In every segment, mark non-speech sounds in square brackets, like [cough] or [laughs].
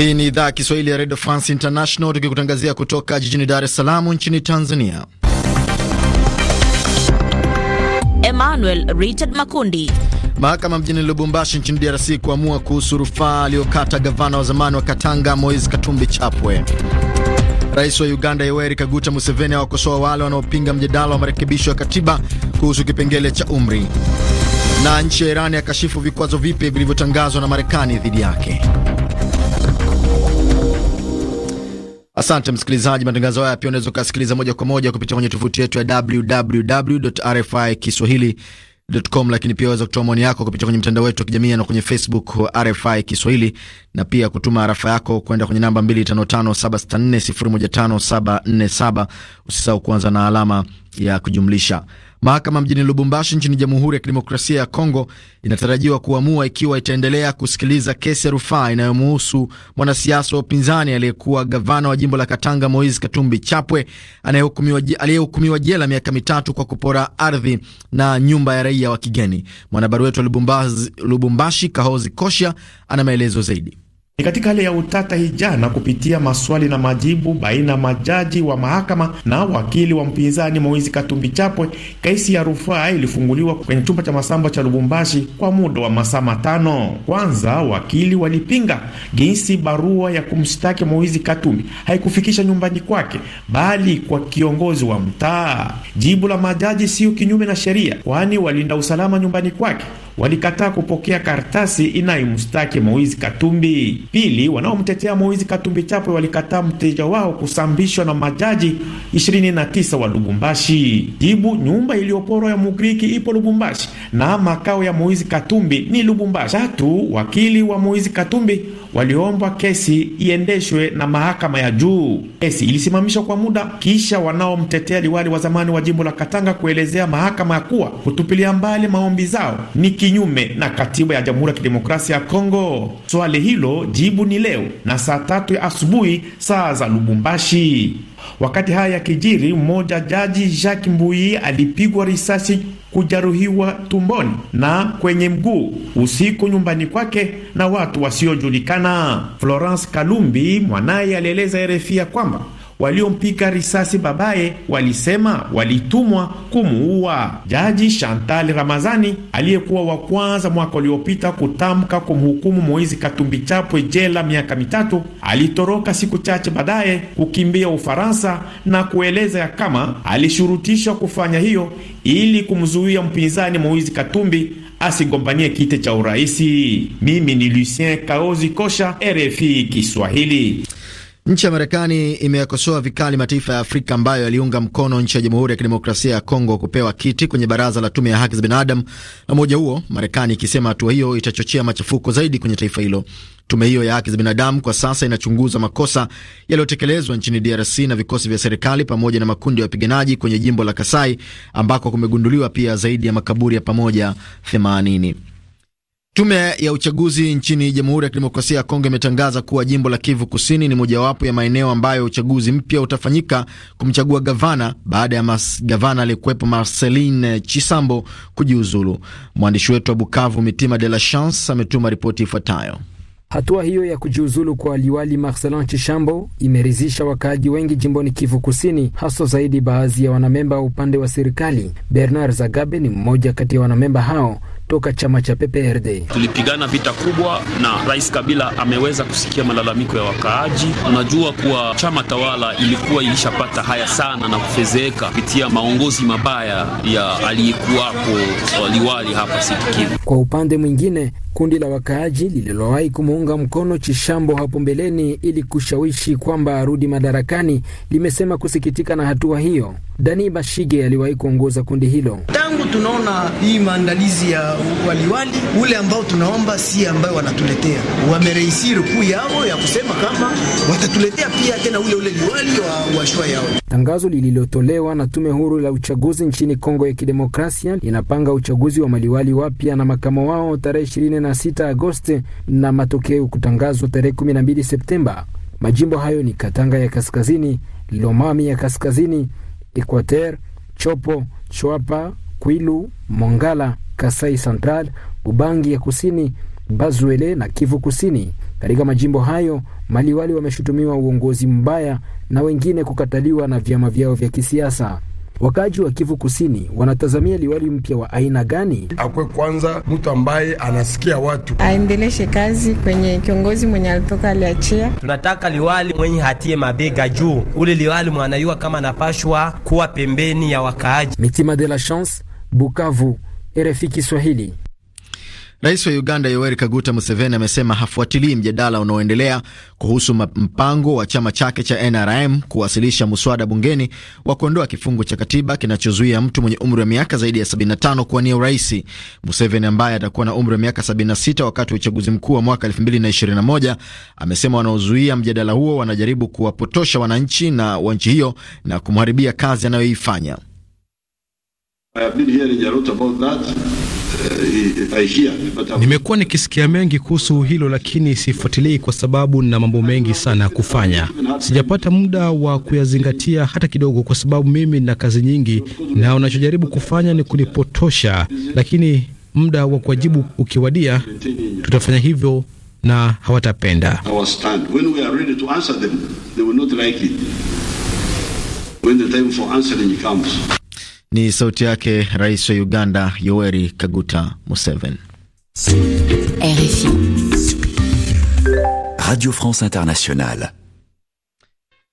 Hii ni idhaa ya Kiswahili ya Radio France International tukikutangazia kutoka jijini Dar es Salaam nchini Tanzania. Emmanuel Richard Makundi. Mahakama mjini Lubumbashi nchini DRC kuamua kuhusu rufaa aliyokata gavana wa zamani wa Katanga Moise Katumbi Chapwe. Rais wa Uganda Yoweri Kaguta Museveni awakosoa wale wanaopinga mjadala wa marekebisho ya katiba kuhusu kipengele cha umri. Na nchi ya Irani yakashifu vikwazo vipya vilivyotangazwa na Marekani dhidi yake. Asante msikilizaji, matangazo haya pia unaweza ukasikiliza moja kwa moja kupitia kwenye tovuti yetu ya www.rfikiswahili.com, lakini pia unaweza kutoa maoni yako kupitia kwenye mtandao wetu wa kijamii na kwenye Facebook RFI Kiswahili, na pia kutuma arafa yako kwenda kwenye namba 255764015747. Usisahau kuanza na alama ya kujumlisha. Mahakama mjini Lubumbashi nchini Jamhuri ya Kidemokrasia ya Kongo inatarajiwa kuamua ikiwa itaendelea kusikiliza kesi ya rufaa inayomuhusu mwanasiasa wa upinzani aliyekuwa gavana wa jimbo la Katanga mois Katumbi Chapwe aliyehukumiwa jela miaka mitatu kwa kupora ardhi na nyumba ya raia wa kigeni. Mwanahabari wetu wa Lubumbashi Kahozi Kosha ana maelezo zaidi. Ni katika hali ya utata hii jana, kupitia maswali na majibu baina ya majaji wa mahakama na wakili wa mpinzani Moizi Katumbi Chapwe, kesi ya rufaa ilifunguliwa kwenye chumba cha masamba cha Lubumbashi kwa muda wa masaa matano. Kwanza wakili walipinga jinsi barua ya kumshtaki Moizi Katumbi haikufikisha nyumbani kwake, bali kwa kiongozi wa mtaa. Jibu la majaji sio kinyume na sheria, kwani walinda usalama nyumbani kwake walikataa kupokea kartasi inayomstaki Moizi Katumbi. Pili, wanaomtetea Moizi Katumbi Chapwe walikataa mteja wao kusambishwa na majaji 29 wa Lubumbashi. Jibu, nyumba iliyoporwa ya Mugriki ipo Lubumbashi na makao ya Moizi Katumbi ni Lubumbashi. Tatu, wakili wa Moizi Katumbi waliombwa kesi iendeshwe na mahakama ya juu. Kesi ilisimamishwa kwa muda kisha wanaomtetea liwali wa zamani wa jimbo la Katanga kuelezea mahakama ya kuwa kutupilia mbali maombi zao ni kinyume na katiba ya Jamhuri ya Kidemokrasia ya Kongo? Swali hilo jibu ni leo na saa tatu ya asubuhi saa za Lubumbashi. Wakati haya yakijiri, mmoja jaji Jacques mbui alipigwa risasi kujeruhiwa tumboni na kwenye mguu usiku nyumbani kwake na watu wasiojulikana. Florence Kalumbi mwanaye alieleza RFI ya kwamba waliompika risasi babaye walisema walitumwa kumuua. Jaji Chantal Ramazani aliyekuwa wa kwanza mwaka uliopita kutamka kumhukumu Moizi Katumbi Chapwe jela miaka mitatu alitoroka siku chache baadaye kukimbia Ufaransa na kueleza ya kama alishurutishwa kufanya hiyo ili kumzuia mpinzani Moizi Katumbi asigombanie kiti cha uraisi. Mimi ni Lucien Kaozi Kosha, RFI Kiswahili. Nchi ya Marekani imeyakosoa vikali mataifa ya Afrika ambayo yaliunga mkono nchi ya Jamhuri ya Kidemokrasia ya Kongo kupewa kiti kwenye baraza la tume ya haki za binadamu, na umoja huo, Marekani ikisema hatua hiyo itachochea machafuko zaidi kwenye taifa hilo. Tume hiyo ya haki za binadamu kwa sasa inachunguza makosa yaliyotekelezwa nchini DRC na vikosi vya serikali pamoja na makundi ya wapiganaji kwenye jimbo la Kasai ambako kumegunduliwa pia zaidi ya makaburi ya pamoja 80. Tume ya uchaguzi nchini Jamhuri ya Kidemokrasia ya Kongo imetangaza kuwa jimbo la Kivu Kusini ni mojawapo ya maeneo ambayo uchaguzi mpya utafanyika kumchagua gavana baada ya mas, gavana aliyekuwepo Marcelin Chisambo kujiuzulu. Mwandishi wetu wa Bukavu Mitima de la Chance ametuma ripoti ifuatayo. Hatua hiyo ya kujiuzulu kwa liwali Marcelin Chishambo imeridhisha wakaaji wengi jimboni Kivu Kusini, haswa zaidi baadhi ya wanamemba wa upande wa serikali. Bernard Zagabe ni mmoja kati ya wanamemba hao toka chama cha PPRD. Tulipigana vita kubwa na Rais Kabila ameweza kusikia malalamiko ya wakaaji. Unajua kuwa chama tawala ilikuwa ilishapata haya sana na kufezeeka kupitia maongozi mabaya ya aliyekuwapo waliwali hapa Sitikivu. Kwa upande mwingine kundi la wakaaji lililowahi kumuunga mkono Chishambo hapo mbeleni ili kushawishi kwamba arudi madarakani limesema kusikitika na hatua hiyo. Dani Bashige aliwahi kuongoza kundi hilo. Tangu tunaona hii maandalizi ya waliwali ule ambao tunaomba si ambayo wanatuletea, wamerehisiri kuu yao ya kusema kama watatuletea pia tena ule ule liwali wa washwa yao. Tangazo lililotolewa na tume huru la uchaguzi nchini Kongo ya Kidemokrasia linapanga uchaguzi wa maliwali wapya na makamo wao tarehe 26 Agosti na matokeo kutangazwa tarehe 12 Septemba. Majimbo hayo ni Katanga ya Kaskazini, Lomami ya Kaskazini, Equateur, Chopo, Chwapa, Kwilu, Mongala, Kasai Central, Ubangi ya Kusini, Bazwele na Kivu Kusini. Katika majimbo hayo maliwali wameshutumiwa uongozi mbaya na wengine kukataliwa na vyama vyao vya kisiasa. Wakaji wa Kivu Kusini wanatazamia liwali mpya wa aina gani? Akwe kwanza mtu ambaye anasikia watu, aendeleshe kazi kwenye kiongozi mwenye alitoka aliachia. Tunataka liwali mwenye hatie mabega juu, ule liwali mwanayua kama anapashwa kuwa pembeni ya wakaaji. Mitima de la Chance, Bukavu, RFI Kiswahili. Rais wa Uganda Yoweri Kaguta Museveni amesema hafuatilii mjadala unaoendelea kuhusu mpango wa chama chake cha NRM kuwasilisha muswada bungeni wa kuondoa kifungu cha katiba kinachozuia mtu mwenye umri wa miaka zaidi ya 75 kuwania urais. Museveni ambaye atakuwa na umri wa miaka 76 wakati wa uchaguzi mkuu wa mwaka 2021 amesema wanaozuia mjadala huo wanajaribu kuwapotosha wananchi na wa nchi hiyo na kumharibia kazi anayoifanya. Uh, uh, nimekuwa nikisikia mengi kuhusu hilo, lakini sifuatilii kwa sababu na mambo mengi sana ya kufanya. Sijapata muda wa kuyazingatia hata kidogo, kwa sababu mimi na kazi nyingi, na unachojaribu kufanya ni kunipotosha, lakini muda wa kuwajibu ukiwadia, tutafanya hivyo na hawatapenda. Ni sauti yake rais wa Uganda Yoweri Kaguta Museveni. RFI Radio France Internationale.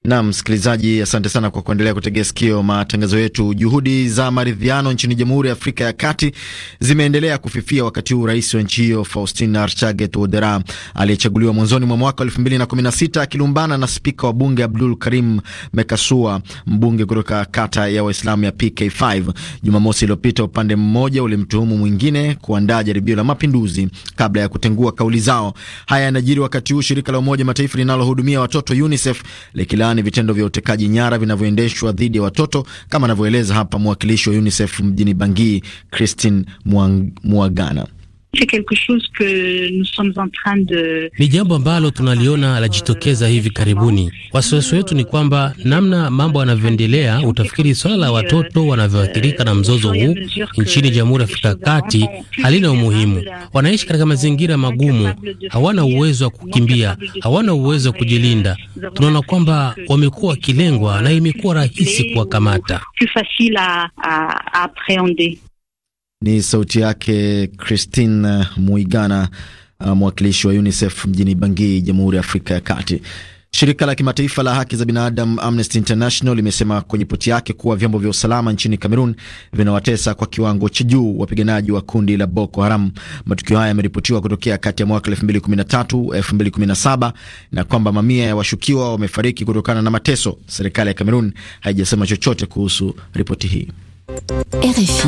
Na msikilizaji, asante sana kwa kuendelea kutegea sikio matangazo yetu. Juhudi za maridhiano nchini Jamhuri ya Afrika ya Kati zimeendelea kufifia, wakati huu rais wa nchi hiyo Faustin Archange Touadera aliyechaguliwa mwanzoni mwa mwaka 2016 akilumbana na spika wa bunge Abdul Karim Mekasua, mbunge kutoka kata ya Waislamu ya PK5. Jumamosi iliyopita, upande mmoja ulimtuhumu mwingine kuandaa jaribio la mapinduzi kabla ya kutengua kauli zao. Haya yanajiri wakati huu shirika la Umoja Mataifa linalohudumia watoto UNICEF likilani kulaani vitendo vya utekaji nyara vinavyoendeshwa dhidi ya watoto kama anavyoeleza hapa mwakilishi wa UNICEF mjini Bangui, Christine Mwagana c'est quelque chose que nous sommes en train de... ni jambo ambalo tunaliona alajitokeza hivi karibuni. Wasiwasi wetu ni kwamba namna mambo yanavyoendelea, utafikiri swala la watoto wanavyoathirika na mzozo huu nchini Jamhuri ya Afrika Kati halina umuhimu. Wanaishi katika mazingira magumu, hawana uwezo wa kukimbia, hawana uwezo wa kujilinda. Tunaona kwamba wamekuwa wakilengwa na imekuwa rahisi kuwakamata. Ni sauti yake Christine Muigana, uh, mwakilishi wa UNICEF mjini Bangui, Jamhuri ya Afrika ya Kati. Shirika la kimataifa la haki za binadamu Amnesty International limesema kwenye ripoti yake kuwa vyombo vya usalama nchini Kamerun vinawatesa kwa kiwango cha juu wapiganaji wa kundi la Boko Haram. Matukio haya yameripotiwa kutokea kati ya mwaka 2013 2017, na kwamba mamia ya washukiwa wamefariki kutokana na mateso. Serikali ya Kamerun haijasema chochote kuhusu ripoti hii. RFI.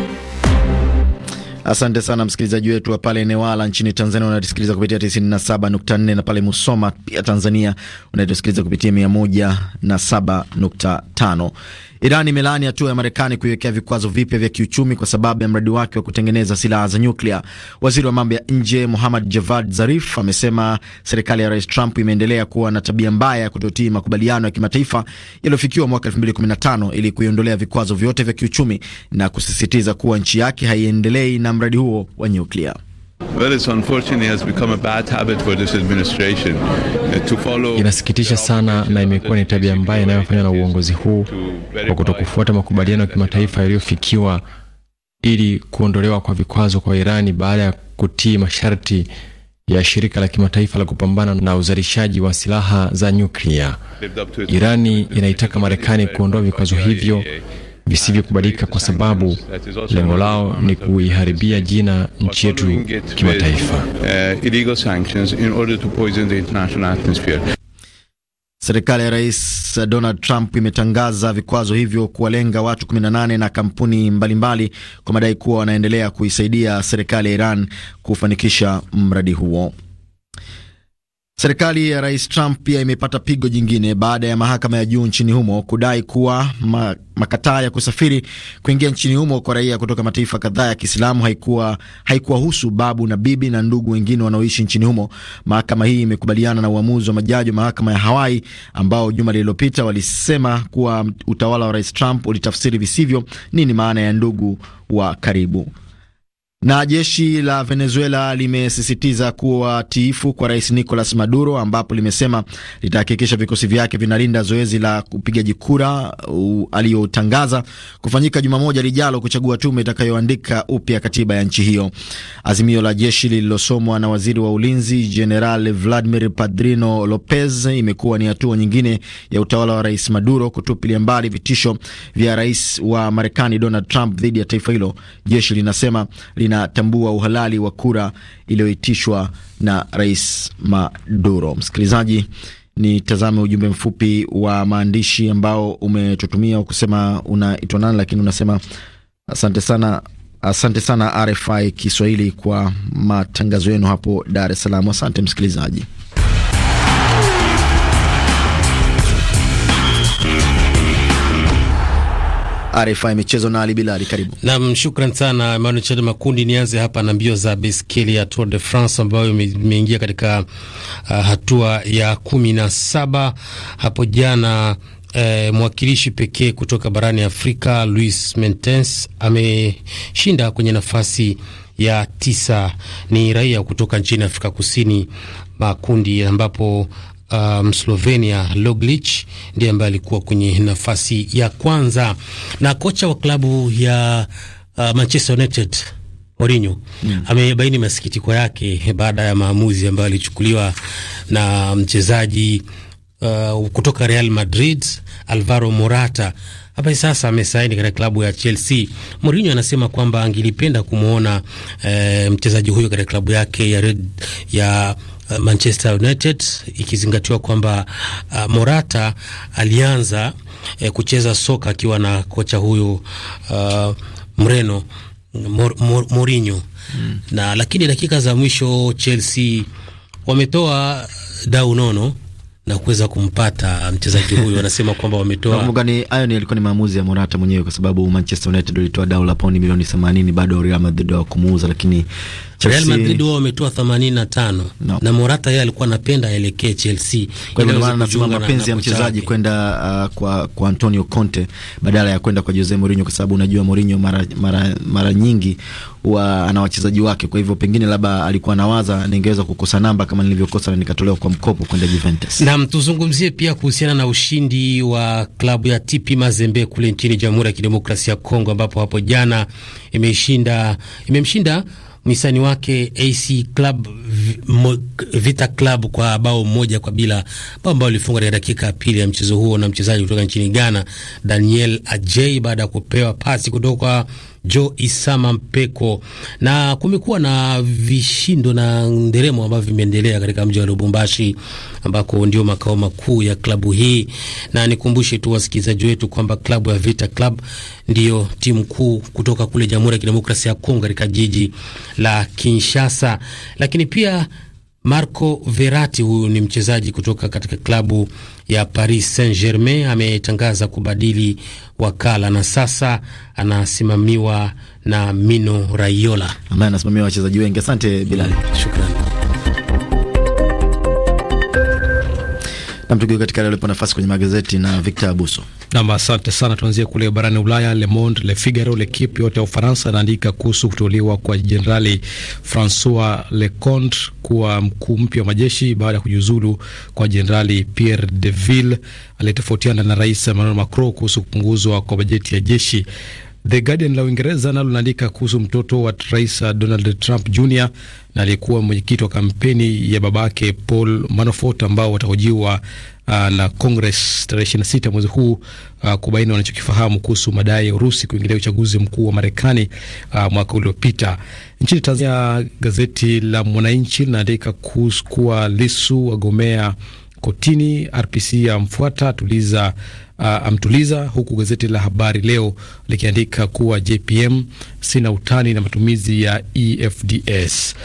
Asante sana msikilizaji wetu wa pale Newala nchini Tanzania, unatusikiliza kupitia 97.4 na pale Musoma pia Tanzania unatusikiliza kupitia 107.5. Iran imelaani hatua ya Marekani kuiwekea vikwazo vipya vya kiuchumi kwa sababu ya mradi wake wa kutengeneza silaha za nyuklia. Waziri wa mambo ya nje Muhammad Javad Zarif amesema serikali ya Rais Trump imeendelea kuwa na tabia mbaya ya kutotii makubaliano ya kimataifa yaliyofikiwa mwaka 2015 ili kuiondolea vikwazo vyote vya kiuchumi na kusisitiza kuwa nchi yake haiendelei na mradi huo wa nyuklia. Inasikitisha sana na imekuwa ni tabia mbaya inayofanywa na uongozi huu kwa kutokufuata makubaliano ya kimataifa yaliyofikiwa ili kuondolewa kwa vikwazo kwa Irani baada ya kutii masharti ya shirika la kimataifa la kupambana na uzalishaji wa silaha za nyuklia. Irani inaitaka Marekani kuondoa vikwazo hivyo visivyokubalika, kwa sababu lengo lao ni kuiharibia jina nchi yetu kimataifa. Uh, serikali ya Rais Donald Trump imetangaza vikwazo hivyo kuwalenga watu 18 na kampuni mbalimbali mbali kwa madai kuwa wanaendelea kuisaidia serikali ya Iran kufanikisha mradi huo. Serikali ya Rais Trump pia imepata pigo jingine baada ya mahakama ya juu nchini humo kudai kuwa ma, makataa ya kusafiri kuingia nchini humo kwa raia kutoka mataifa kadhaa ya Kiislamu haikuwa haikuwahusu babu na bibi na ndugu wengine wanaoishi nchini humo. Mahakama hii imekubaliana na uamuzi wa majaji wa mahakama ya Hawaii ambao juma lililopita walisema kuwa utawala wa Rais Trump ulitafsiri visivyo nini maana ya ndugu wa karibu. Na jeshi la Venezuela limesisitiza kuwa tiifu kwa rais Nicolas Maduro, ambapo limesema litahakikisha vikosi vyake vinalinda zoezi la upigaji kura aliyotangaza kufanyika juma moja lijalo kuchagua tume itakayoandika upya katiba ya nchi hiyo. Azimio la jeshi lililosomwa na waziri wa ulinzi General Vladimir Padrino Lopez imekuwa ni hatua nyingine ya utawala wa rais Maduro kutupilia mbali vitisho vya rais wa Marekani Donald Trump dhidi ya taifa hilo. Jeshi linasema lina linatambua uhalali wa kura iliyoitishwa na Rais Maduro. Msikilizaji, ni tazame ujumbe mfupi wa maandishi ambao umetutumia kusema, unaitwa nani lakini unasema asante sana. Asante sana RFI Kiswahili kwa matangazo yenu hapo Dar es Salaam. Asante msikilizaji. RFI Michezo na Ali Bilali, karibu. Naam, shukran sana Emmanuel Chad Makundi. Nianze hapa na mbio za baiskeli ya Tour de France ambayo imeingia katika uh, hatua ya kumi na saba hapo jana. Eh, mwakilishi pekee kutoka barani Afrika Luis Mentens ameshinda kwenye nafasi ya tisa. Ni raia kutoka nchini Afrika Kusini makundi ambapo um, Slovenia Loglic ndiye ambaye alikuwa kwenye nafasi ya kwanza, na kocha wa klabu ya uh, Manchester United Mourinho mm, amebaini masikitiko yake baada ya maamuzi ambayo alichukuliwa na mchezaji uh, kutoka Real Madrid Alvaro Morata ambaye sasa amesaini katika klabu ya Chelsea. Mourinho anasema kwamba angelipenda kumwona eh, mchezaji huyo katika klabu yake ya Red, ya Uh, Manchester United ikizingatiwa kwamba uh, Morata alianza uh, kucheza soka akiwa na kocha huyu uh, Mreno Mor, Mor, Mourinho mm. na lakini dakika za mwisho Chelsea wametoa dau nono na kuweza kumpata mchezaji huyu. [laughs] Wanasema kwamba wametoa ni hayo ni alikuwa ni maamuzi ya Morata mwenyewe, kwa sababu Manchester United walitoa dau la paundi milioni 80 baada ya Real Madrid wa kumuuza, lakini Real Madrid wao wametoa 85 no. na Morata yeye alikuwa anapenda aelekee Chelsea. Kwa hiyo maana nasema mapenzi ya mchezaji kwenda uh, kwa, kwa Antonio Conte badala ya kwenda kwa Jose Mourinho, kwa sababu unajua Mourinho mara, mara, mara nyingi wa, ana wachezaji wake. Kwa hivyo pengine labda alikuwa anawaza ningeweza kukosa namba kama nilivyokosa na nikatolewa kwa mkopo kwenda Juventus. Na mtuzungumzie pia kuhusiana na ushindi wa klabu ya TP Mazembe kule nchini Jamhuri ya Kidemokrasia ya Kongo ambapo hapo jana imeshinda imemshinda mhisani wake AC Club Vita Club kwa bao moja kwa bila, bao ambao lilifunga katika dakika ya pili ya mchezo huo na mchezaji kutoka nchini Ghana Daniel Ajay baada ya kupewa pasi kutoka jo Isama Mpeko. Na kumekuwa na vishindo na nderemo ambavyo vimeendelea katika mji wa Lubumbashi ambako ndio makao makuu ya klabu hii, na nikumbushe tu wasikilizaji wetu kwamba klabu ya Vita Club ndiyo timu kuu kutoka kule Jamhuri ya Kidemokrasia ya Kongo katika jiji la Kinshasa, lakini pia Marco Verratti, huyu ni mchezaji kutoka katika klabu ya Paris Saint-Germain, ametangaza kubadili wakala na sasa anasimamiwa na Mino Raiola ambaye anasimamia wachezaji wengi. Asante Bilali, shukrani. mtugio katika leo nafasi kwenye magazeti na Victor Abuso. Nam, asante sana. Tuanzie kule barani Ulaya. Le Monde, Le Figaro, L'Equipe yote ya Ufaransa anaandika kuhusu kuteuliwa kwa Jenerali Francois Leconte kuwa mkuu mpya wa majeshi baada ya kujiuzulu kwa Jenerali Pierre Deville aliyetofautiana na Rais Emmanuel Macron kuhusu kupunguzwa kwa bajeti ya jeshi. The Guardian la Uingereza nalo linaandika kuhusu mtoto wa Rais Donald Trump Jr na aliyekuwa mwenyekiti wa kampeni ya babake Paul Manafort ambao watahojiwa uh, na Congress tarehe 26 mwezi huu uh, kubaini wanachokifahamu kuhusu madai ya Urusi kuingilia uchaguzi mkuu wa Marekani uh, mwaka uliopita. Nchini Tanzania, gazeti la Mwananchi linaandika kuhusu kuwa Lisu wagomea kotini, RPC amfuata tuliza uh, amtuliza, huku gazeti la Habari Leo likiandika kuwa JPM sina utani na matumizi ya EFDS.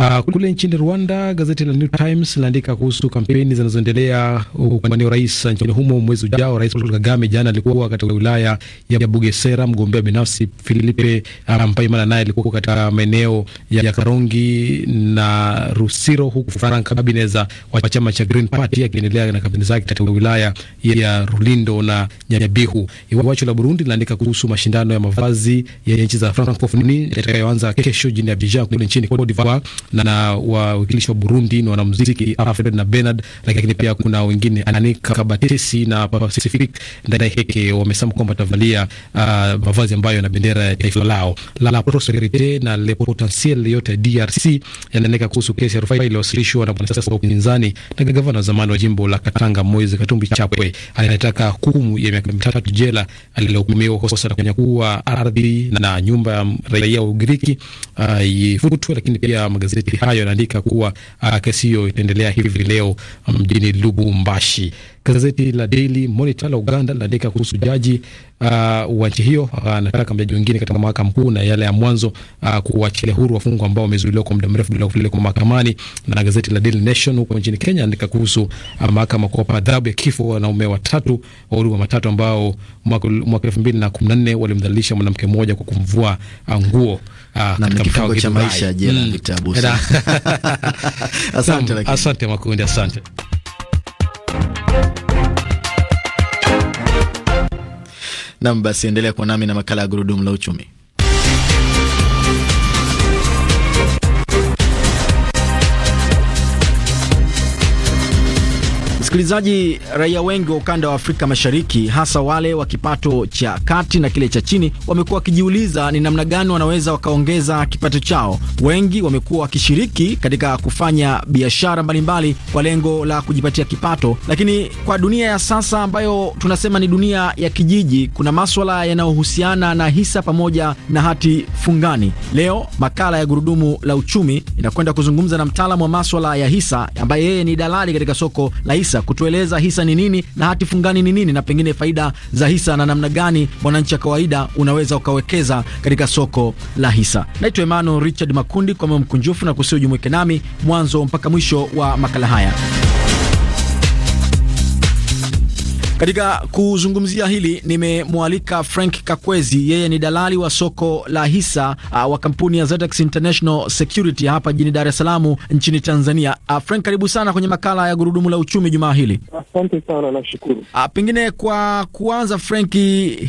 Uh, kule nchini Rwanda gazeti la New Times linaandika kuhusu kampeni zinazoendelea kuwania urais nchini humo mwezi ujao. Rais Paul Kagame jana alikuwa katika wilaya ya Bugesera. Mgombea binafsi Philippe Mpayimana naye alikuwa katika maeneo ya, ya Karongi na Rusiro, huku Frank Habineza wa chama cha Green Party akiendelea na kampeni zake katika wilaya ya Rulindo na Nyabihu. Iwacho la Burundi linaandika kuhusu mashindano ya mavazi ya nchi za Francophonie yatakayoanza kesho jijini Abidjan kule nchini Cote d'Ivoire na na wawakilishi wa Burundi na wanamuziki Alfred na Bernard, lakini pia kuna wengine Anika Kabatesi na Pacific ndani yake wamesema kwamba watavalia uh, mavazi ambayo na bendera ya taifa lao. La, la prosperite na le potentiel yote DRC yanaeneka kuhusu kesi ya rufaa iliyowasilishwa na mwanasiasa wa upinzani na gavana wa zamani wa jimbo la Katanga Moise Katumbi Chapwe anataka hukumu ya miaka mitatu jela alilohukumiwa kosa la kunyakua ardhi na nyumba ya raia wa Ugiriki uh, ifutwe, lakini pia magazeti Magazeti hayo yanaandika kuwa uh, kesi hiyo itaendelea hivi leo um, mjini Lubumbashi. Gazeti la Daily Monitor la Uganda linaandika kuhusu jaji uh, wa nchi hiyo uh, anataka uh, mjaji wengine katika mahakama kuu na yale ya mwanzo uh, kuachilia huru wafungwa ambao wamezuiliwa kwa muda mrefu bila kwa mahakamani. Na gazeti la Daily Nation huko nchini Kenya andika kuhusu uh, mahakama kuwapa adhabu ya kifo wanaume watatu wa matatu ambao mwaka elfu mbili na kumi na nne walimdhalilisha mwanamke mmoja kwa kumvua uh, nguo. Aa, ah, na kifungo cha maisha jela mm. vitabu [laughs] asante, lakini asante Makundi, asante. Nam, basi endelea kuwa nami na makala ya gurudumu la uchumi. Msikilizaji, raia wengi wa ukanda wa Afrika Mashariki, hasa wale wa kipato cha kati na kile cha chini, wamekuwa wakijiuliza ni namna gani wanaweza wakaongeza kipato chao. Wengi wamekuwa wakishiriki katika kufanya biashara mbalimbali kwa lengo la kujipatia kipato, lakini kwa dunia ya sasa ambayo tunasema ni dunia ya kijiji, kuna maswala yanayohusiana na hisa pamoja na hati fungani. Leo makala ya Gurudumu la Uchumi inakwenda kuzungumza na mtaalamu wa maswala ya hisa ambaye yeye ni dalali katika soko la hisa hisa, kutueleza hisa ni nini na hati fungani ni nini, na pengine faida za hisa na namna gani mwananchi wa kawaida unaweza ukawekeza katika soko la hisa. Naitwa Emmanuel Richard Makundi, kwa moyo mkunjufu na kusio jumuike nami mwanzo mpaka mwisho wa makala haya. Katika kuzungumzia hili nimemwalika Frank Kakwezi, yeye ni dalali wa soko la hisa uh, wa kampuni ya Zetex International Security hapa jijini Dar es Salaam nchini Tanzania. Uh, Frank, karibu sana kwenye makala ya gurudumu la uchumi jumaa hili. Asante sana, nashukuru. Uh, pengine kwa kuanza, Frank,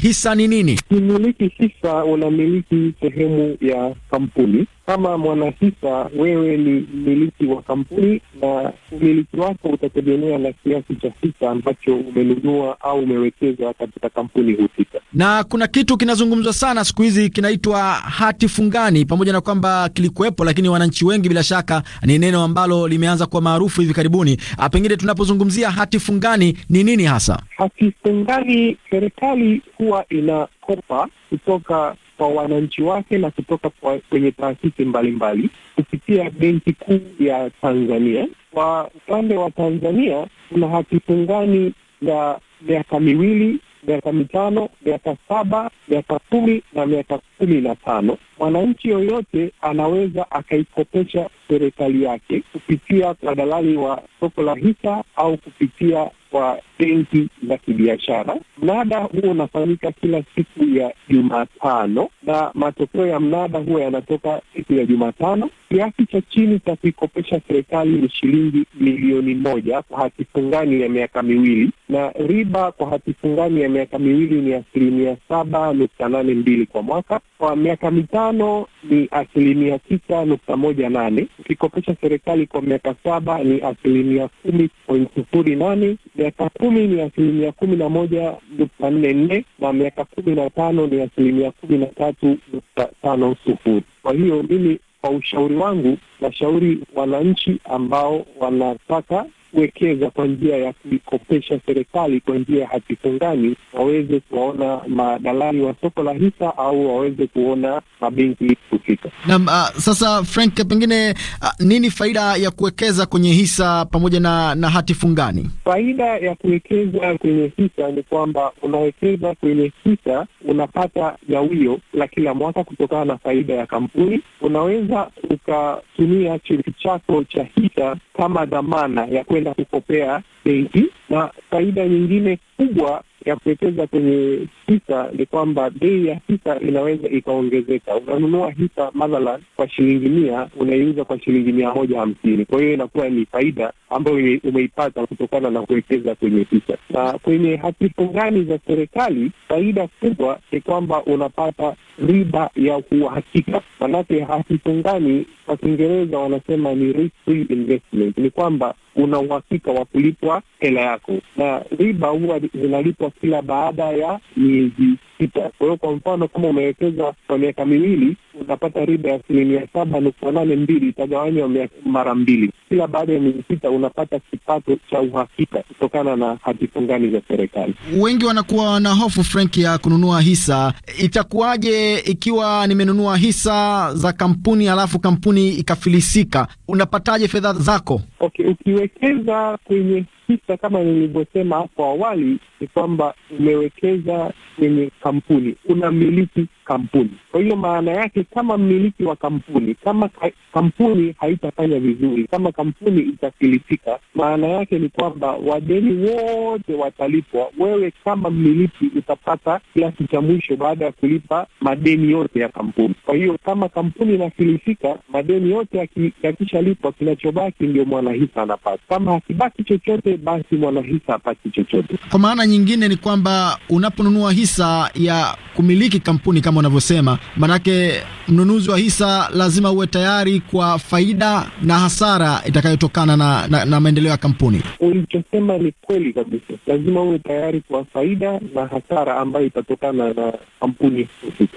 hisa ni nini? Kimiliki hisa, unamiliki sehemu ya kampuni kama mwanahisa wewe ni mmiliki wa kampuni na umiliki wako utategemea na kiasi cha hisa ambacho umenunua umenunua au umewekeza katika kampuni husika. Na kuna kitu kinazungumzwa sana siku hizi kinaitwa hati fungani, pamoja na kwamba kilikuwepo, lakini wananchi wengi bila shaka, ni neno ambalo limeanza kuwa maarufu hivi karibuni. Ah, pengine tunapozungumzia hati fungani ni nini hasa? Hati fungani, serikali huwa inakopa kutoka kwa wananchi wake na kutoka kwa kwenye taasisi mbalimbali kupitia Benki Kuu ya Tanzania. Kwa upande wa Tanzania kuna hati fungani na miaka miwili, miaka mitano, miaka saba, miaka kumi na miaka kumi na tano. Mwananchi yoyote anaweza akaikopesha serikali yake kupitia kwa dalali wa soko la hisa au kupitia kwa benki za kibiashara. Mnada huo unafanyika kila siku ya Jumatano na matokeo ya mnada huo yanatoka siku ya Jumatano. Kiasi cha chini cha kuikopesha serikali ni shilingi milioni moja kwa hati fungani ya miaka miwili, na riba kwa hati fungani ya miaka miwili ni asilimia saba nukta nane mbili kwa mwaka, kwa miaka mitano ni asilimia tisa nukta moja nane ukikopesha serikali kwa miaka saba ni asilimia kumi pointi sufuri nane miaka kumi ni asilimia kumi na moja nukta nne nne na miaka kumi na tano ni asilimia kumi na tatu nukta tano sufuri. Kwa hiyo mimi kwa ushauri wangu, nashauri wananchi ambao wanataka kuwekeza kwa njia ya kuikopesha serikali kwa njia ya hatifungani, waweze kuwaona madalali wa soko la hisa au waweze kuona mabenki husika. Naam. Uh, sasa Frank, pengine uh, nini faida ya kuwekeza kwenye hisa pamoja na, na hati fungani? Faida ya kuwekeza kwenye hisa ni kwamba unawekeza kwenye hisa, unapata gawio la kila mwaka kutokana na faida ya kampuni. Unaweza ukatumia cheti chako cha hisa kama dhamana ya kwenye kwenda kukopea benki, na faida nyingine kubwa ya kuwekeza kwenye hisa ni kwamba bei ya hisa inaweza ikaongezeka. Unanunua hisa mathalan kwa shilingi mia, unaiuza kwa shilingi mia moja hamsini. Kwa hiyo inakuwa ni faida ambayo umeipata kutokana na kuwekeza kwenye hisa. Na kwenye hakifu za serikali, faida kubwa ni kwamba unapata riba ya uhakika, manake hakifungani. Kwa Kiingereza wanasema ni risk free investment, ni kwamba una uhakika wa kulipwa hela yako, na riba huwa zinalipwa kila baada ya ni miezi sita. Kwa hiyo kwa mfano, kama umewekeza kwa miaka miwili unapata riba ya asilimia saba nukta nane mbili itagawanywa mara mbili. Kila baada ya miezi sita unapata kipato cha uhakika kutokana na hati fungani za serikali. Wengi wanakuwa na hofu Frank, ya kununua hisa. Itakuwaje ikiwa nimenunua hisa za kampuni alafu kampuni ikafilisika, unapataje fedha zako? Okay, ukiwekeza kwenye hisa, kama nilivyosema hapo awali, ni kwamba umewekeza kwenye kampuni, unamiliki kampuni. Kwa hiyo maana yake, kama mmiliki wa kampuni, kama kampuni haitafanya vizuri, kama kampuni itafilisika maana yake ni kwamba wadeni wote watalipwa. Wewe kama mmiliki utapata kiasi cha mwisho baada ya kulipa madeni yote ya kampuni. Kwa hiyo kama kampuni inafilisika madeni yote yakishalipwa, kinachobaki ndio mwanahisa anapata. Kama hakibaki chochote, basi mwanahisa apati chochote. Kwa maana nyingine ni kwamba unaponunua hisa ya kumiliki kampuni kama unavyosema, manake mnunuzi wa hisa lazima uwe tayari kwa faida na hasara itakayotokana na, na, na maendeleo ya kampuni. Ulichosema ni kweli kabisa, lazima uwe tayari kwa faida na hasara ambayo itatokana na kampuni.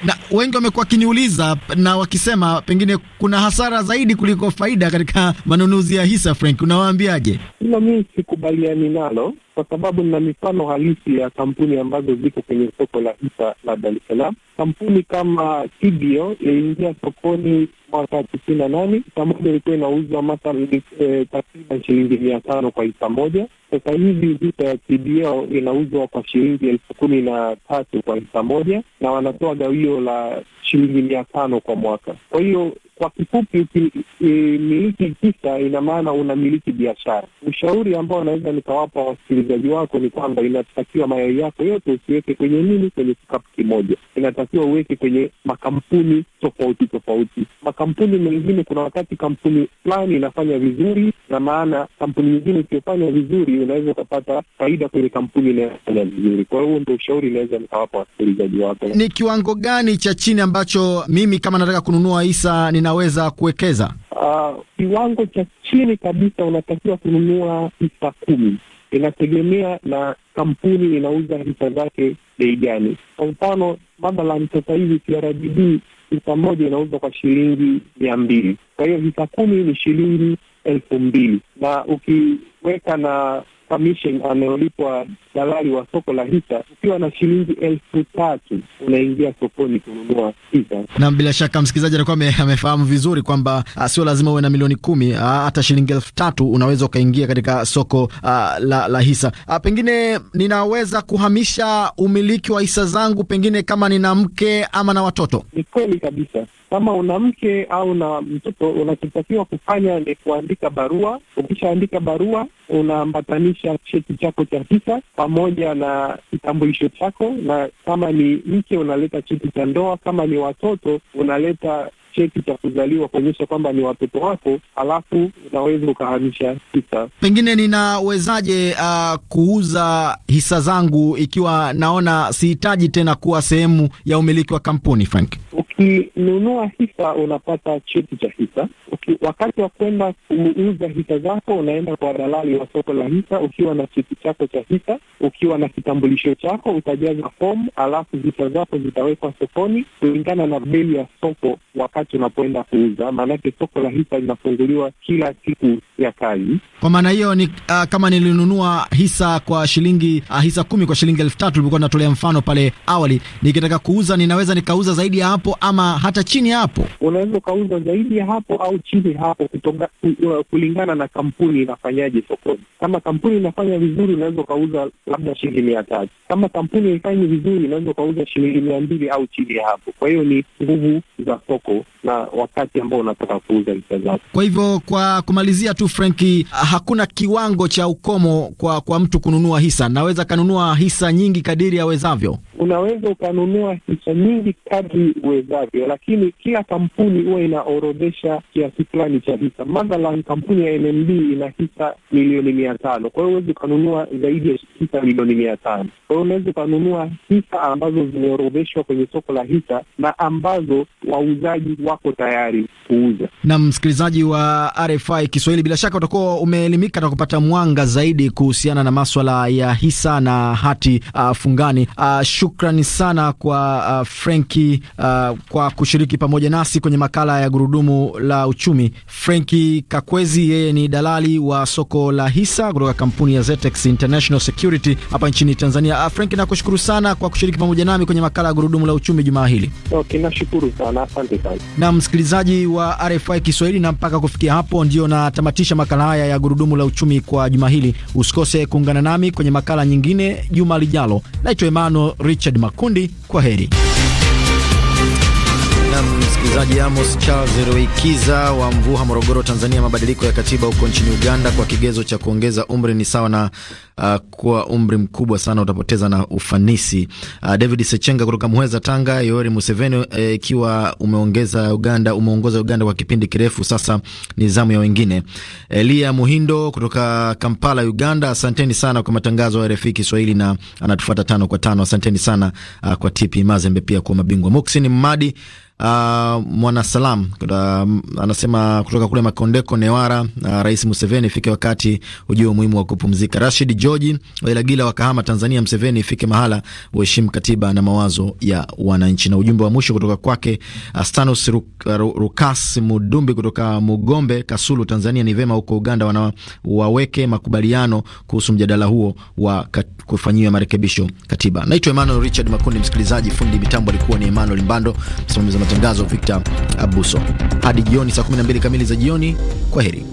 Na wengi wamekuwa wakiniuliza na wakisema pengine kuna hasara zaidi kuliko faida katika manunuzi ya hisa. Frank, unawaambiaje? Ila mi sikubaliani nalo kwa sababu nina mifano halisi ya kampuni ambazo ziko kwenye soko la hisa la Dar es Salaam. Kampuni kama Tibio iliingia sokoni mwaka tisini na nane saa moja ilikuwa inauzwa mathalan eh, takriban shilingi mia tano kwa hisa moja. Sasa hivi hisa ya TDL inauzwa kwa shilingi elfu kumi na tatu kwa hisa moja, na wanatoa gawio la shilingi mia tano kwa mwaka. Kwa hiyo kwa kifupi, ukimiliki e, hisa ina maana unamiliki biashara. Ushauri ambao naweza nikawapa wasikilizaji wako ni kwamba inatakiwa mayai yako yote usiweke kwenye nini, kwenye kikapu kimoja. Inatakiwa uweke kwenye makampuni tofauti tofauti Makam kampuni mengine, kuna wakati kampuni fulani inafanya vizuri, na maana kampuni nyingine isiyofanya vizuri, unaweza ukapata faida kwenye kampuni inayofanya vizuri. Kwa hiyo ndo ushauri inaweza nikawapa wasikilizaji wako. Ni kiwango gani cha chini ambacho mimi kama nataka kununua hisa ninaweza kuwekeza? Ah, kiwango uh, cha chini kabisa unatakiwa kununua hisa kumi. Inategemea na kampuni inauza hisa zake bei gani. Kwa mfano mathalan, sasa hivi CRDB hisa moja inauzwa kwa shilingi mia mbili. Kwa hiyo hisa kumi ni shilingi elfu mbili na ukiweka na commission anayolipwa dalali wa soko la hisa. Ukiwa na shilingi elfu tatu unaingia sokoni kununua hisa. Na bila shaka msikilizaji alikuwa amefahamu vizuri kwamba ah, sio lazima uwe na milioni kumi, ah, hata shilingi elfu tatu unaweza ukaingia katika soko a, ah, la, la hisa. A, pengine ninaweza kuhamisha umiliki wa hisa zangu pengine kama nina mke ama na watoto. Ni kweli kabisa. Kama una mke au na mtoto, unachotakiwa kufanya ni kuandika barua. Ukishaandika barua, unaambatanisha cheti chako cha hisa pamoja na kitambulisho chako, na kama ni mke unaleta cheti cha ndoa, kama ni watoto unaleta cheti cha kuzaliwa kuonyesha kwamba ni watoto wako, alafu unaweza ukahamisha hisa. Pengine ninawezaje uh, kuuza hisa zangu ikiwa naona sihitaji tena kuwa sehemu ya umiliki wa kampuni Frank? Ukinunua hisa unapata cheti cha hisa. Wakati wa kwenda kuuza hisa zako, unaenda kwa dalali wa soko la hisa ukiwa na cheti chako cha hisa, ukiwa na kitambulisho chako, utajaza fomu, alafu hisa zako zitawekwa sokoni kulingana na bei ya soko wakati unapoenda kuuza. Maanake soko la hisa linafunguliwa kila siku ya kazi. Kwa maana hiyo ni uh, kama nilinunua hisa kwa shilingi uh, hisa kumi kwa shilingi elfu tatu tulikuwa natolea mfano pale awali, nikitaka kuuza ninaweza nikauza zaidi ya hapo ama ama hata chini hapo? Unaweza ukauza zaidi ya hapo au chini hapo, kutonga, kulingana na kampuni inafanyaje sokoni. Kama kampuni inafanya vizuri, unaweza ukauza labda shilingi mia tatu. Kama kampuni haifanyi vizuri, unaweza ukauza shilingi mia mbili au chini ya hapo. Kwa hiyo ni nguvu za soko na wakati ambao unataka kuuza bidhaa zako. Kwa hivyo, kwa kumalizia tu, Franki, hakuna kiwango cha ukomo kwa kwa mtu kununua hisa. Naweza kanunua hisa nyingi kadiri awezavyo. Unaweza ukanunua hisa nyingi kadri uwezavyo ifuatavyo, lakini kila kampuni huwa inaorodhesha kiasi fulani cha hisa. Mathalan, kampuni ya NMB ina hisa milioni mia tano. Kwa hiyo huwezi ukanunua zaidi ya hisa milioni mia tano. Kwa hiyo unaweza ukanunua hisa ambazo zimeorodheshwa kwenye soko la hisa na ambazo wauzaji wako tayari kuuza. Na msikilizaji wa RFI Kiswahili, bila shaka utakuwa umeelimika na kupata mwanga zaidi kuhusiana na maswala ya hisa na hati uh, fungani. Uh, shukrani sana kwa uh, ah, Frenki uh, kwa kushiriki pamoja nasi kwenye makala ya gurudumu la uchumi. Frenki Kakwezi, yeye ni dalali wa soko la hisa kutoka kampuni ya Zetex International Security hapa nchini Tanzania. Ah, Frenki, nakushukuru sana kwa kushiriki pamoja nami kwenye makala ya gurudumu la uchumi jumaa hili. Okay, nashukuru sana, asante sana. Na msikilizaji wa RFI Kiswahili, na mpaka kufikia hapo ndio natamatisha makala haya ya gurudumu la uchumi kwa juma hili. Usikose kuungana nami kwenye makala nyingine juma lijalo. Naitwa Emmanuel Richard Makundi, kwa heri msikilizaji. Amos Charles Roikiza wa Mvuha, Morogoro, Tanzania. Mabadiliko ya katiba huko nchini Uganda kwa kigezo cha kuongeza umri ni sawa na uh, kuwa umri mkubwa sana utapoteza na ufanisi. Uh, David Sechenga kutoka Muheza, Tanga. Yoweri Museveni uh, ikiwa eh, umeongeza Uganda, umeongoza Uganda kwa kipindi kirefu sasa, ni zamu ya wengine. Elia Muhindo kutoka Kampala, Uganda. Asanteni sana kwa matangazo ya RFI Kiswahili na anatufuata tano kwa tano. Asanteni sana uh, kwa TP Mazembe pia kwa mabingwa. Muksini Mmadi Uh, Mwanasalam uh, anasema kutoka kule Makondeko Newara. Uh, Rais Museveni ifike wakati ujue umuhimu wa kupumzika. Rashid George Wailagila wa Kahama, Tanzania: Museveni ifike mahala uheshimu katiba na mawazo ya wananchi. Na ujumbe wa mwisho kutoka kwake uh, Stanos Rukas Mudumbi kutoka Mugombe, Kasulu, Tanzania: ni vema huko Uganda wana, waweke makubaliano kuhusu mjadala huo wa kat, kufanyiwa marekebisho katiba. Naitwa Emmanuel Richard Makundi, msikilizaji. Fundi mitambo alikuwa ni Emmanuel Mbando, msimamizi matangazo Victor Abuso. Hadi jioni saa 12 kamili za jioni, kwa heri.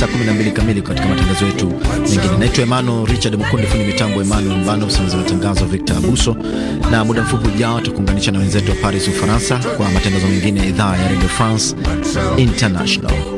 saa 12 kamili katika matangazo yetu mengine. Naitwa Emmanuel Richard Mkunde, fundi mitambo Emmanuel Mbano, msimamizi wa matangazo Victor Abuso, na muda mfupi ujao tukuunganisha na wenzetu wa Paris, Ufaransa, kwa matangazo mengine ya idhaa ya Radio France International.